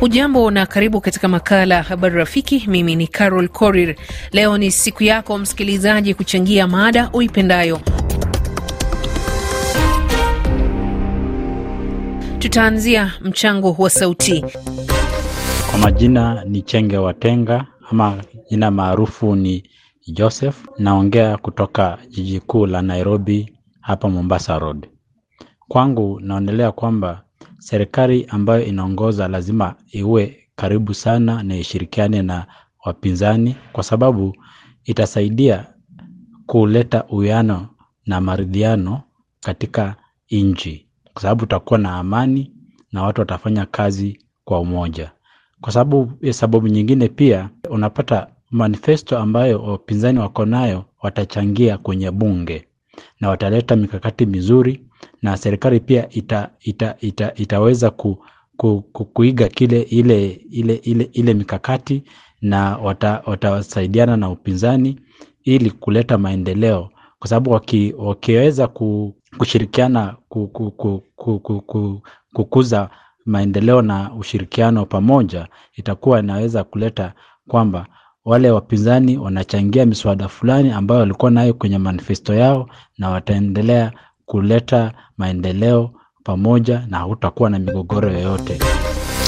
Ujambo na karibu katika makala ya habari rafiki. Mimi ni Carol Korir. Leo ni siku yako msikilizaji kuchangia mada uipendayo. Tutaanzia mchango wa sauti. Kwa majina ni Chenge Watenga ama jina maarufu ni Joseph, naongea kutoka jiji kuu la Nairobi hapa Mombasa Road. Kwangu naonelea kwamba serikali ambayo inaongoza lazima iwe karibu sana na ishirikiane na wapinzani kwa sababu itasaidia kuleta uwiano na maridhiano katika nchi kwa sababu utakuwa na amani na watu watafanya kazi kwa umoja. Kwa sababu eh, sababu nyingine pia unapata manifesto ambayo wapinzani wako nayo watachangia kwenye bunge na wataleta mikakati mizuri na serikali pia ita, ita, ita, itaweza ku, ku, ku, kuiga kile ile, ile, ile, ile mikakati na wata, na upinzani ili kuleta maendeleo kwa sababu waki, wakiweza ku, kushirikiana ku, ku, ku, ku, ku, ku, kukuza maendeleo na ushirikiano pamoja, itakuwa inaweza kuleta kwamba wale wapinzani wanachangia miswada fulani ambayo walikuwa nayo kwenye manifesto yao, na wataendelea kuleta maendeleo pamoja na hutakuwa na migogoro yoyote.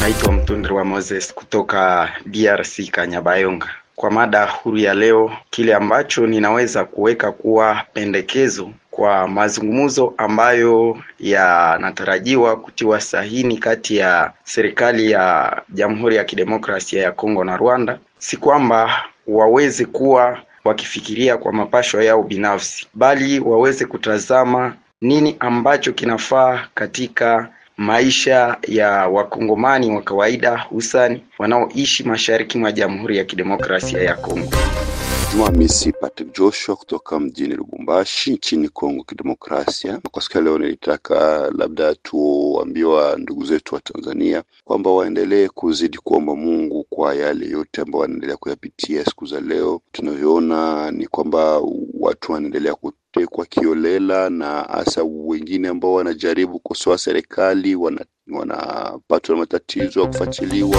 Naitwa Mtundri wa Moses kutoka DRC Kanyabayonga. Kwa mada huru ya leo, kile ambacho ninaweza kuweka kuwa pendekezo kwa mazungumzo ambayo yanatarajiwa kutiwa sahini kati ya serikali ya Jamhuri ya Kidemokrasia ya Kongo na Rwanda si kwamba waweze kuwa wakifikiria kwa mapasho yao binafsi, bali waweze kutazama nini ambacho kinafaa katika maisha ya wakongomani wa kawaida, hususan wanaoishi mashariki mwa Jamhuri ya Kidemokrasia ya Kongo. Juma Misi Patrick Joshua kutoka mjini Lubumbashi nchini Kongo Kidemokrasia. Kwa siku ya leo, nilitaka labda tuambiwa ndugu zetu wa Tanzania kwamba waendelee kuzidi kuomba Mungu kwa yale yote ambayo wanaendelea kuyapitia siku za leo. Tunavyoona ni kwamba watu wanaendelea kutekwa kiolela, na hasa wengine ambao wanajaribu kukosoa serikali wanapatwa na matatizo ya kufuatiliwa.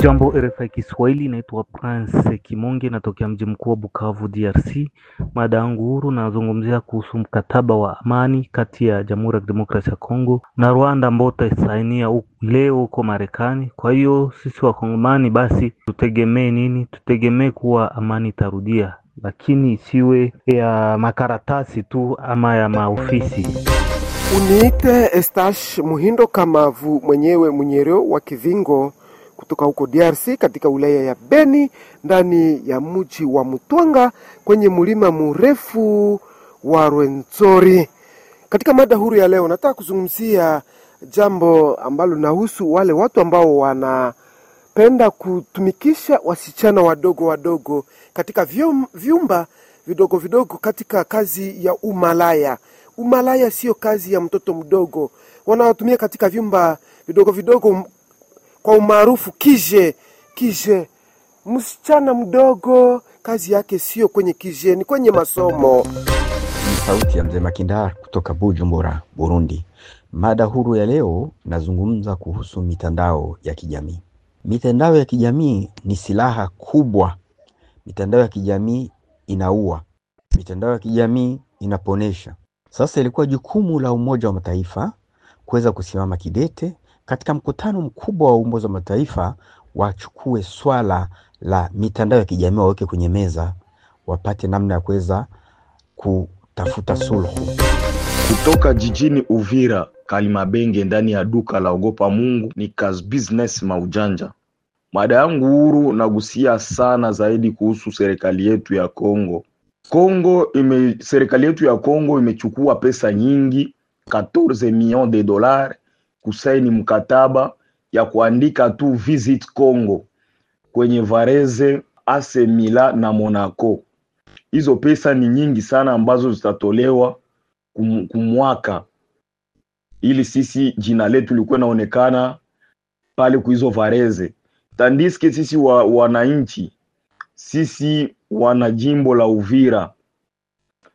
Jambo RFI Kiswahili, inaitwa Prince Kimonge, natokea mji mkuu wa Bukavu, DRC. Mada yangu huru, nazungumzia kuhusu mkataba wa amani kati ya Jamhuri ya Kidemokrasia ya Kongo na Rwanda ambao utasainia leo huko Marekani. Kwa hiyo sisi Wakongomani basi tutegemee nini? Tutegemee kuwa amani itarudia, lakini isiwe ya makaratasi tu ama ya maofisi. Uniite Estash Muhindo Kamavu, mwenyewe mwenyereo wa Kivingo kutoka huko DRC katika wilaya ya Beni ndani ya mji wa Mutwanga kwenye mlima mrefu wa Rwenzori. Katika mada huru ya leo, nataka kuzungumzia jambo ambalo linahusu wale watu ambao wanapenda kutumikisha wasichana wadogo wadogo katika vyumba vidogo vidogo katika kazi ya umalaya. Umalaya sio kazi ya mtoto mdogo, wanawatumia katika vyumba vidogo vidogo kwa umaarufu kije kije msichana mdogo kazi yake sio kwenye kije ni kwenye masomo ni sauti ya mzee makindar kutoka bujumbura burundi mada huru ya leo nazungumza kuhusu mitandao ya kijamii mitandao ya kijamii ni silaha kubwa mitandao ya kijamii inaua mitandao ya kijamii inaponesha sasa ilikuwa jukumu la umoja wa mataifa kuweza kusimama kidete katika mkutano mkubwa wa Umoja wa Mataifa wachukue swala la mitandao ya kijamii waweke kwenye meza, wapate namna ya kuweza kutafuta suluhu. Kutoka jijini Uvira, Kalimabenge, ndani ya duka la ogopa Mungu ni Business Maujanja. Mada yangu huru nagusia sana zaidi kuhusu serikali yetu ya Kongo. Kongo ime serikali yetu ya Kongo imechukua pesa nyingi 14 millions de dollars kusaini mkataba ya kuandika tu Visit Congo kwenye vareze AC Milan na Monaco. Hizo pesa ni nyingi sana ambazo zitatolewa kumwaka, ili sisi jina letu likuwa naonekana pale kuizo vareze tandiske sisi wa, wananchi sisi wana jimbo la Uvira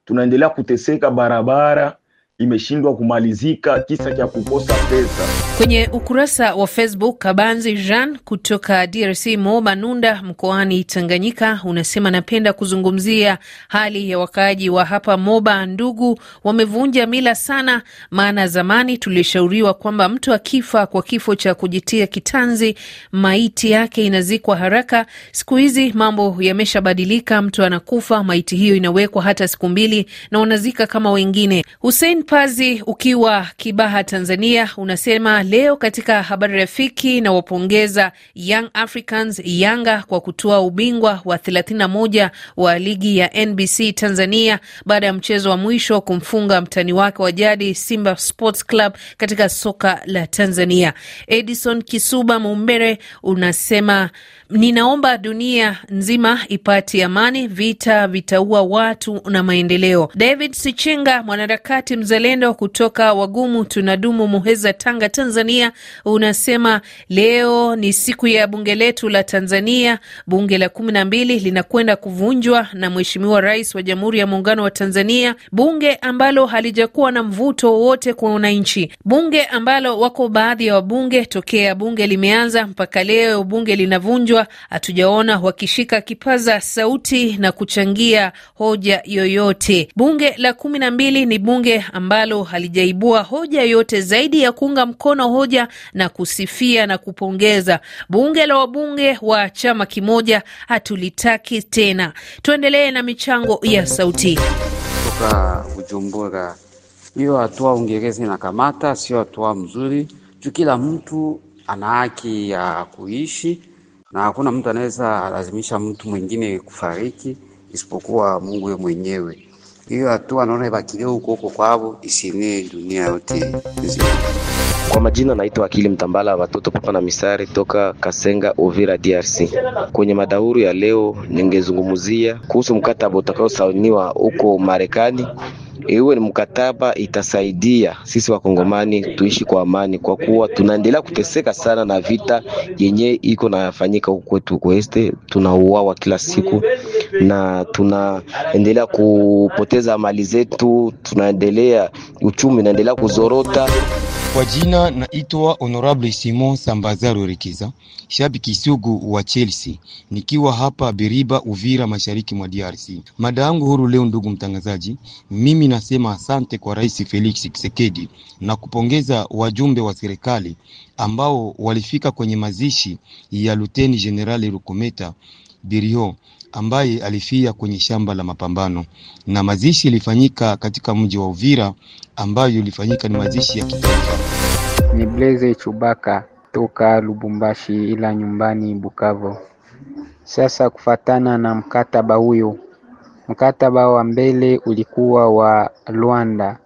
tunaendelea kuteseka barabara imeshindwa kumalizika, kisa cha kukosa pesa. Kwenye ukurasa wa Facebook, Kabanzi Jean kutoka DRC Moba Nunda mkoani Tanganyika unasema napenda kuzungumzia hali ya wakaaji wa hapa Moba. Ndugu, wamevunja mila sana, maana zamani tulishauriwa kwamba mtu akifa kwa kifo cha kujitia kitanzi, maiti yake inazikwa haraka. Siku hizi mambo yameshabadilika, mtu anakufa, maiti hiyo inawekwa hata siku mbili na wanazika kama wengine. Hussein Pazi ukiwa Kibaha, Tanzania unasema leo katika habari rafiki na wapongeza Young Africans Yanga kwa kutoa ubingwa wa 31 wa ligi ya NBC Tanzania baada ya mchezo wa mwisho kumfunga mtani wake wa jadi Simba Sports Club katika soka la Tanzania. Edison Kisuba Mumbere unasema ninaomba dunia nzima ipate amani, vita vitaua watu na maendeleo. David Sichenga mwanaharakati mzalendo kutoka Wagumu tunadumu Muheza Tanga Tanzania Tanzania unasema leo ni siku ya bunge letu la Tanzania, bunge la kumi na mbili linakwenda kuvunjwa na Mheshimiwa Rais wa Jamhuri ya Muungano wa Tanzania, bunge ambalo halijakuwa na mvuto wowote kwa wananchi, bunge ambalo wako baadhi ya wabunge tokea bunge limeanza mpaka leo bunge linavunjwa, hatujaona wakishika kipaza sauti na kuchangia hoja yoyote. Bunge la kumi na mbili ni bunge ambalo halijaibua hoja yoyote zaidi ya kuunga mkono hoja na kusifia na kupongeza. Bunge la wabunge wa chama kimoja hatulitaki tena. Tuendelee na michango ya sauti toka Ujumbura. Hiyo hatua Uingereza inakamata sio hatua mzuri juu kila mtu ana haki ya kuishi na hakuna mtu anaweza lazimisha mtu mwingine kufariki isipokuwa Mungu mwenyewe. Hiyo hatua naona ibakilie huko huko isinie dunia yote nzima. Kwa majina naitwa Akili Mtambala wa watoto papa na misari toka Kasenga, Uvira, DRC. Kwenye madauru ya leo, ningezungumzia kuhusu mkataba utakaosainiwa huko Marekani. Iwe ni mkataba itasaidia sisi wakongomani tuishi kwa amani, kwa kuwa tunaendelea kuteseka sana na vita yenye iko nafanyika huko kwetu kweste. tunauawa kila siku na tunaendelea kupoteza mali zetu, tunaendelea uchumi unaendelea kuzorota. Kwa jina naitwa Honorable Simon Sambazaro Rekeza, shabiki sugu wa Chelsea, nikiwa hapa Biriba, Uvira, mashariki mwa DRC. Mada yangu huru leo, ndugu mtangazaji, mimi nasema asante kwa Rais Felix Tshisekedi na kupongeza wajumbe wa serikali ambao walifika kwenye mazishi ya Luteni general Rukometa Birio ambaye alifia kwenye shamba la mapambano, na mazishi ilifanyika katika mji wa Uvira ambayo ilifanyika ni mazishi ya kitaifa. Ni Blaze Chubaka toka Lubumbashi, ila nyumbani Bukavu. Sasa kufatana na mkataba huyo, mkataba wa mbele ulikuwa wa Luanda,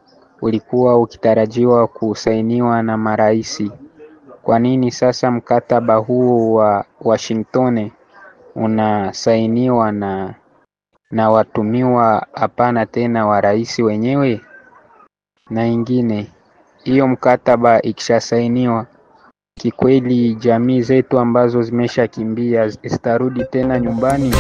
ulikuwa ukitarajiwa kusainiwa na maraisi. Kwa nini sasa mkataba huu wa Washington unasainiwa na na watumiwa hapana tena wa rais wenyewe na ingine hiyo mkataba ikishasainiwa kikweli jamii zetu ambazo zimeshakimbia zitarudi tena nyumbani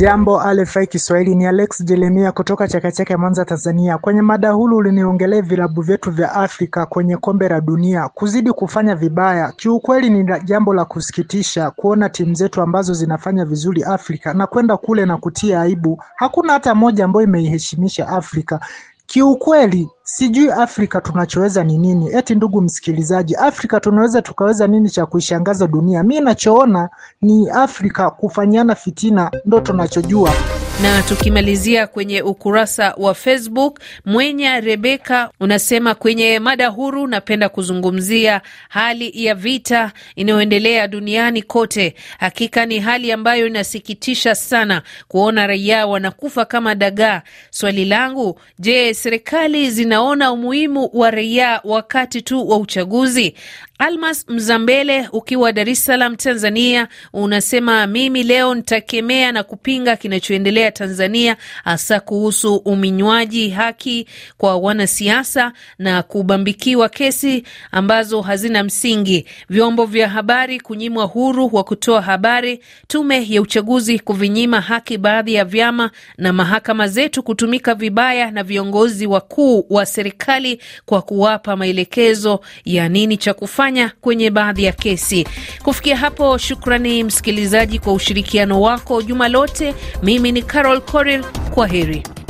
Jambo RFI Kiswahili ni Alex Jeremia kutoka chakachake Mwanza, Tanzania. Kwenye mada hulu uliniongelee vilabu vyetu vya Afrika kwenye kombe la dunia kuzidi kufanya vibaya. Kiukweli ni jambo la kusikitisha kuona timu zetu ambazo zinafanya vizuri Afrika na kwenda kule na kutia aibu. Hakuna hata moja ambayo imeiheshimisha Afrika. Kiukweli sijui Afrika tunachoweza ni nini? Eti ndugu msikilizaji, Afrika tunaweza tukaweza nini cha kuishangaza dunia? Mi nachoona ni Afrika kufanyana fitina, ndo tunachojua. Na tukimalizia kwenye ukurasa wa Facebook, Mwenya Rebeka unasema kwenye mada huru, napenda kuzungumzia hali ya vita inayoendelea duniani kote. Hakika ni hali ambayo inasikitisha sana kuona raia wanakufa kama dagaa. Swali langu, je, serikali zinaona umuhimu wa raia wakati tu wa uchaguzi? Almas Mzambele ukiwa Dar es Salaam, Tanzania, unasema mimi leo nitakemea na kupinga kinachoendelea Tanzania, hasa kuhusu uminywaji haki kwa wanasiasa na kubambikiwa kesi ambazo hazina msingi, vyombo vya habari kunyimwa huru wa kutoa habari, tume ya uchaguzi kuvinyima haki baadhi ya vyama, na mahakama zetu kutumika vibaya na viongozi wakuu wa serikali kwa kuwapa maelekezo ya nini cha kufanya kufanya kwenye baadhi ya kesi. Kufikia hapo, shukrani msikilizaji kwa ushirikiano wako juma lote. Mimi ni Carol Korir, kwa heri.